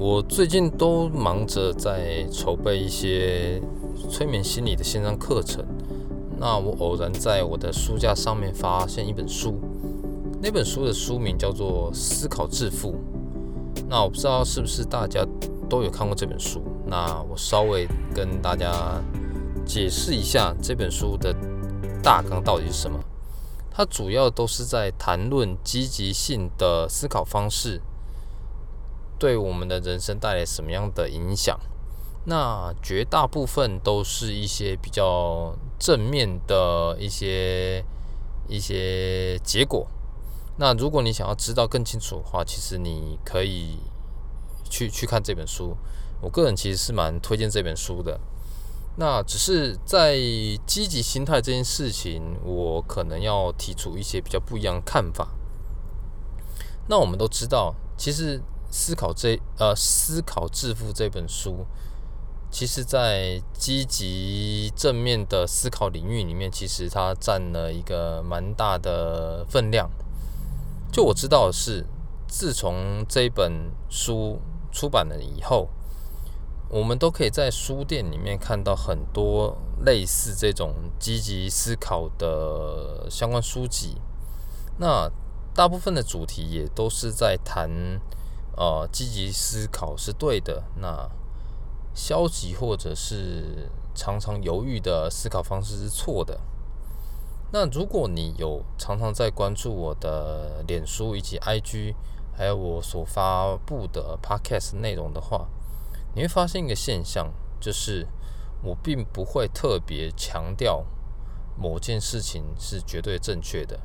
我最近都忙着在籌備一些催眠心理的線上課程。那我偶然在我的書架上面發現一本書，那本書的書名叫做《思考致富》。那我不知道是不是大家都有看過這本書？那我稍微跟大家解釋一下這本書的大綱到底是什麼。它主要都是在談論積極性的思考方式。對我們的人生帶來什麼樣的影響？那絕大部分都是一些比較正面的一些一些結果。那如果你想要知道更清楚的話，其實你可以去去看這本書。我個人其實是蠻推薦這本書的。那只是在積極心態這件事情，我可能要提出一些比較不一樣的看法。那我們都知道，其實。思考這呃，思考致富這本書，其實在積極正面的思考領域裡面，其實它佔了一個蠻大的分量。就我知道的是，自從這本書出版了以後，我們都可以在書店裡面看到很多類似這種積極思考的相關書籍。那大部分的主題也都是在談。呃，積極思考是對的。那消極或者是常常猶豫的思考方式是錯的。那如果你有常常在關注我的臉書以及 IG，還有我所發佈的 Podcast 內容的話，你會發現一個現象，就是我並不會特別強調某件事情是絕對正確的，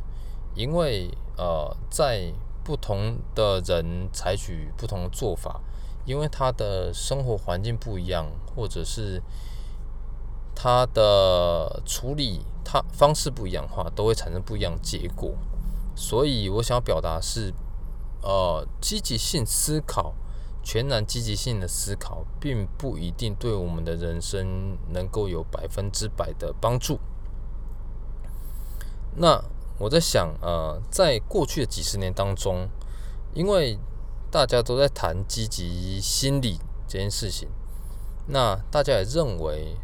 因為呃，在不同的人採取不同的做法，因為他的生活環境不一樣，或者是他的處理他方式不一樣的話，都會產生不一樣的結果。所以我想要表達是，呃，積極性思考，全然積極性的思考，並不一定對我們的人生能夠有百分之百的幫助。那。我在想，呃，在過去的幾十年當中，因為大家都在談積極心理這件事情，那大家也認為，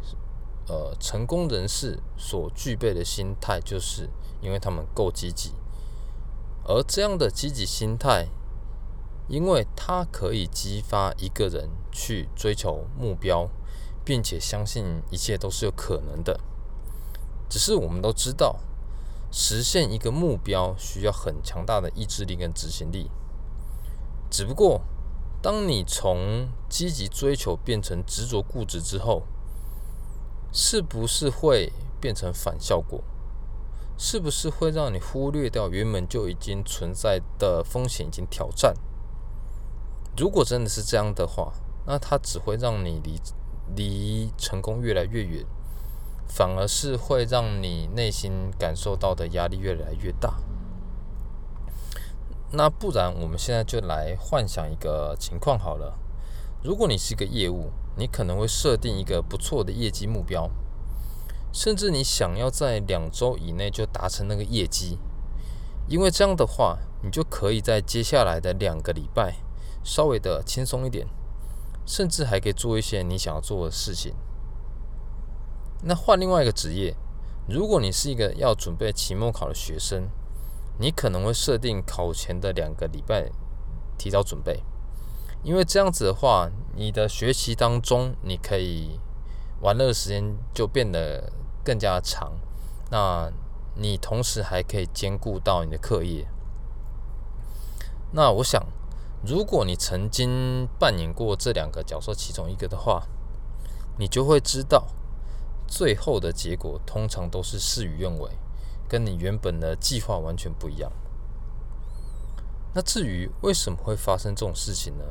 呃，成功人士所具備的心態就是因為他們夠積極。而這樣的積極心態，因為它可以激發一個人去追求目標，並且相信一切都是有可能的。只是我們都知道。實現一個目標需要很強大的意志力跟執行力。只不過，當你從積極追求變成執着固執之後，是不是會變成反效果？是不是會讓你忽略掉原本就已經存在的風險，以及挑戰？如果真的是這樣的話，那它只會讓你離離成功越來越遠。反而是會讓你內心感受到的壓力越來越大。那不然，我們現在就來幻想一個情況好了。如果你是一個業務，你可能會設定一個不錯的業績目標，甚至你想要在兩周以內就達成那個業績，因為這樣的話，你就可以在接下來的兩個禮拜稍微的輕鬆一點，甚至還可以做一些你想要做的事情。那換另外一個職業，如果你是一個要準備期末考的學生，你可能會設定考前的兩個禮拜提早準備，因為這樣子的話，你的學習當中你可以玩樂的時間就變得更加長。那你同時還可以兼顧到你的課業。那我想，如果你曾經扮演過這兩個角色其中一個的話，你就會知道。最後的結果通常都是事與願違，跟你原本的計劃完全不一樣。那至於為什麼會發生這種事情呢？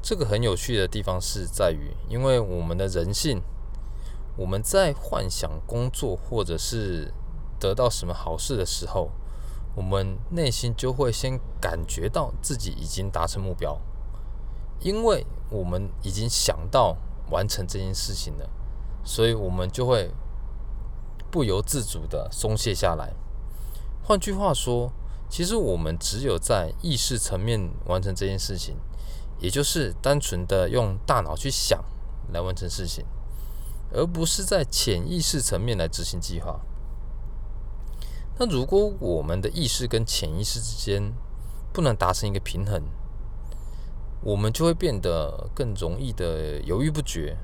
這個很有趣的地方是在於，因為我們的人性，我們在幻想工作或者是得到什麼好事的時候，我們內心就會先感覺到自己已經達成目標，因為我們已經想到完成這件事情了。所以我們就會不由自主的鬆懈下來。換句話說，其實我們只有在意識層面完成這件事情，也就是單純的用大腦去想來完成事情，而不是在潛意識層面來執行計劃。那如果我們的意識跟潛意識之間不能達成一個平衡，我們就會變得更容易的猶豫不決。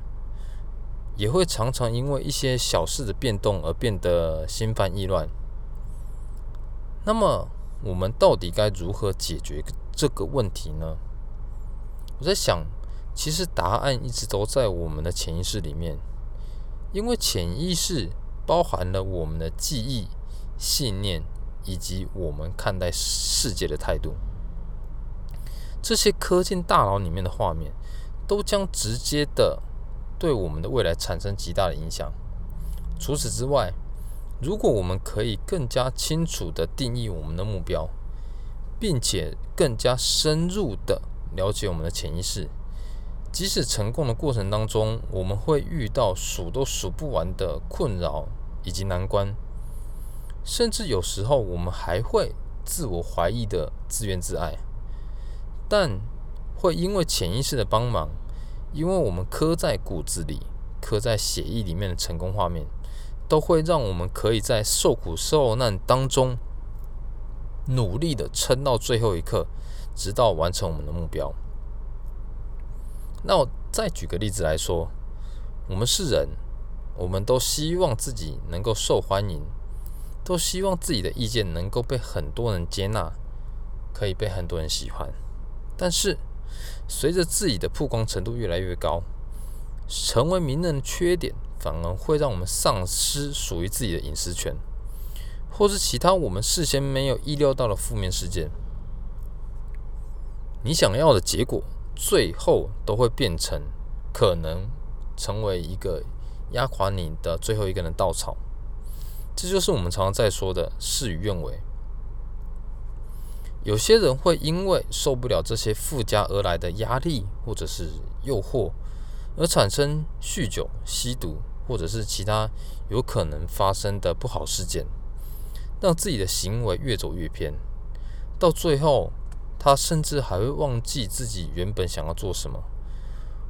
也會常常因為一些小事的變動而變得心煩意亂。那麼，我們到底該如何解決這個問題呢？我在想，其實答案一直都在我們的潛意識裡面，因為潛意識包含了我們的記憶、信念以及我們看待世界的態度。這些刻進大腦裡面的畫面，都將直接的。對我們的未來產生極大的影響。除此之外，如果我們可以更加清楚地定義我們的目標，並且更加深入地了解我們的潛意識，即使成功的過程當中，我們會遇到數都數不完的困擾以及難關，甚至有時候我們還會自我懷疑地自怨自艾，但會因為潛意識的幫忙。因為我們刻在骨子裡、刻在血液裡面的成功畫面，都會讓我們可以在受苦受難當中努力的撐到最後一刻，直到完成我們的目標。那我再舉個例子來說，我們是人，我們都希望自己能夠受歡迎，都希望自己的意見能夠被很多人接納，可以被很多人喜歡，但是。隨着自己的曝光程度越來越高，成為名人的缺點反而會讓我們喪失屬於自己的隱私權，或是其他我們事先沒有意料到的負面事件。你想要的結果，最後都會變成可能成為一個壓垮你的最後一根稻草。這就是我們常常在說的事與願違。有些人會因為受不了這些附加而來的壓力，或者是誘惑，而產生酗酒、吸毒，或者是其他有可能發生的不好事件，讓自己的行為越走越偏，到最後，他甚至還會忘記自己原本想要做什麼，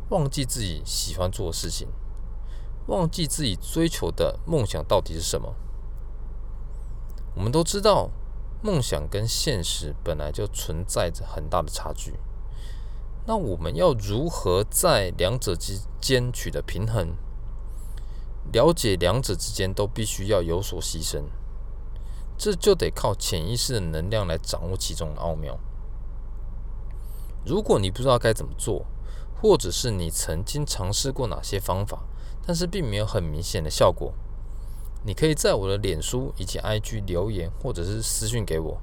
忘記自己喜歡做的事情，忘記自己追求的夢想到底是什麼。我們都知道。夢想跟現實本來就存在着很大的差距，那我們要如何在兩者之間取得平衡？了解兩者之間都必須要有所犧牲，這就得靠潛意識的能量來掌握其中的奧妙。如果你不知道該怎麼做，或者是你曾經嘗試過哪些方法，但是並沒有很明顯的效果。你可以在我的臉書以及 IG 留言，或者是私訊給我。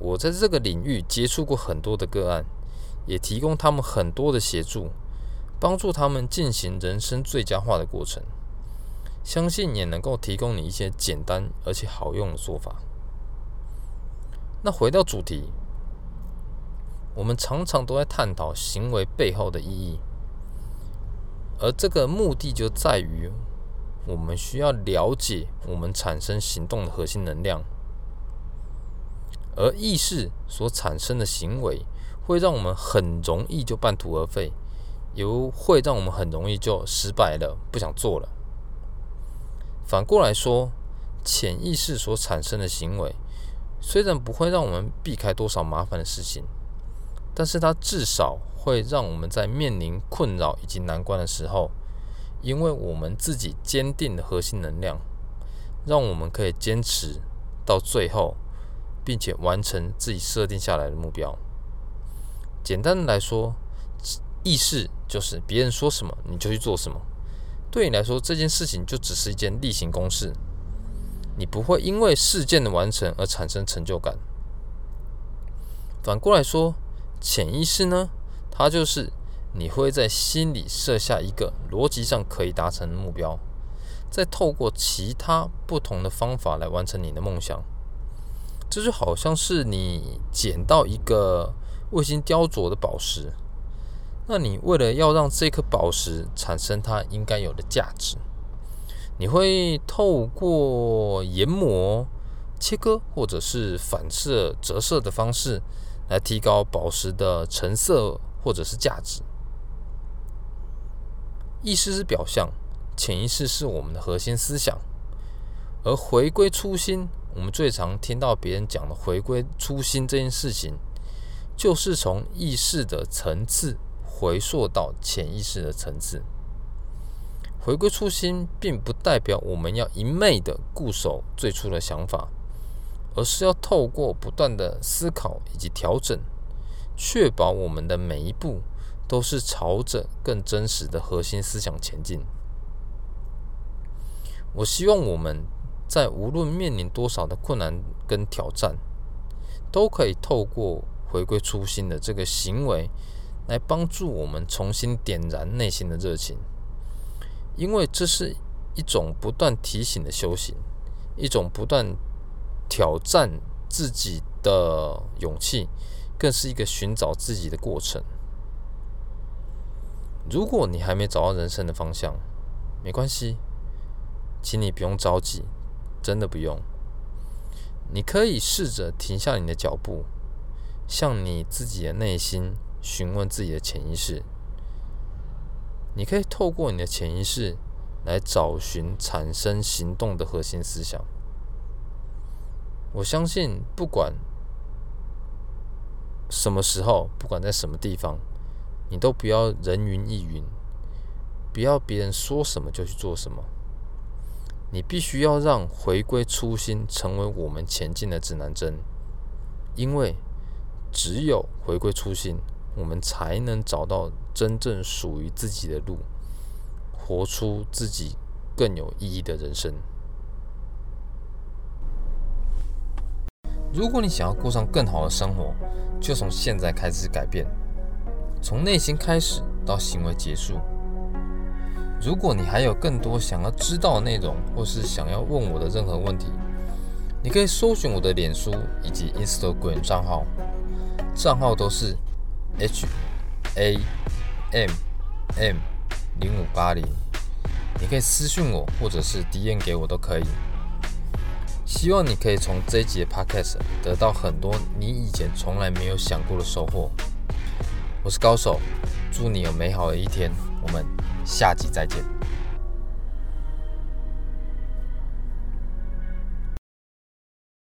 我在這個領域接觸過很多的個案，也提供他們很多的協助，幫助他們進行人生最佳化的過程。相信也能夠提供你一些簡單而且好用的做法。那回到主題，我們常常都在探討行為背後的意義，而這個目的就在於。我們需要了解我們產生行動的核心能量，而意識所產生的行為，會讓我們很容易就半途而廢，也會讓我們很容易就失敗了，不想做了。反過來說，潛意識所產生的行為，雖然不會讓我們避開多少麻煩的事情，但是它至少會讓我們在面臨困擾以及難關的時候。因為我們自己堅定的核心能量，讓我們可以堅持到最後，並且完成自己設定下來的目標。簡單的來說，意識就是別人說什麼你就去做什麼，對你來說這件事情就只是一件例行公事，你不會因為事件的完成而產生成就感。反過來說，潛意識呢，它就是。你會在心裡設下一個邏輯上可以達成的目標，再透過其他不同的方法來完成你的夢想。這就好像是你撿到一個未經雕琢的寶石，那你為了要讓這顆寶石產生它應該有的價值，你會透過研磨、切割或者是反射、折射的方式來提高寶石的成色或者是價值。意識是表象，潛意識是我們的核心思想。而回歸初心，我們最常聽到別人講的“回歸初心”這件事情，就是從意識的層次回溯到潛意識的層次。回歸初心，並不代表我們要一昧的固守最初的想法，而是要透過不斷的思考以及調整，確保我們的每一步。都是朝着更真實的核心思想前進。我希望我們在無論面臨多少的困難跟挑戰，都可以透過回歸初心的這個行為，來幫助我們重新點燃內心的熱情。因為這是一種不斷提醒的修行，一種不斷挑戰自己的勇氣，更是一個尋找自己的過程。如果你還沒找到人生的方向，沒關係，請你不用着急，真的不用。你可以試着停下你的腳步，向你自己的內心詢問自己的潛意識。你可以透過你的潛意識來找尋產生行動的核心思想。我相信，不管什麼時候，不管在什麼地方。你都不要人云亦云，不要別人說什麼就去做什麼。你必須要讓回歸初心成為我們前進的指南針，因為只有回歸初心，我們才能找到真正屬於自己的路，活出自己更有意義的人生。如果你想要過上更好的生活，就從現在開始改變。從內心開始，到行為結束。如果你還有更多想要知道的內容，或是想要問我的任何問題，你可以搜尋我的臉書以及 Instagram 賬號，賬號，賬號都是 H A M M 零五八零。你可以私訊我，或者是 DM 給我都可以。希望你可以從這一集的 Podcast 得到很多你以前從來沒有想過的收穫。我是高手，祝你有美好的一天。我們下集再見。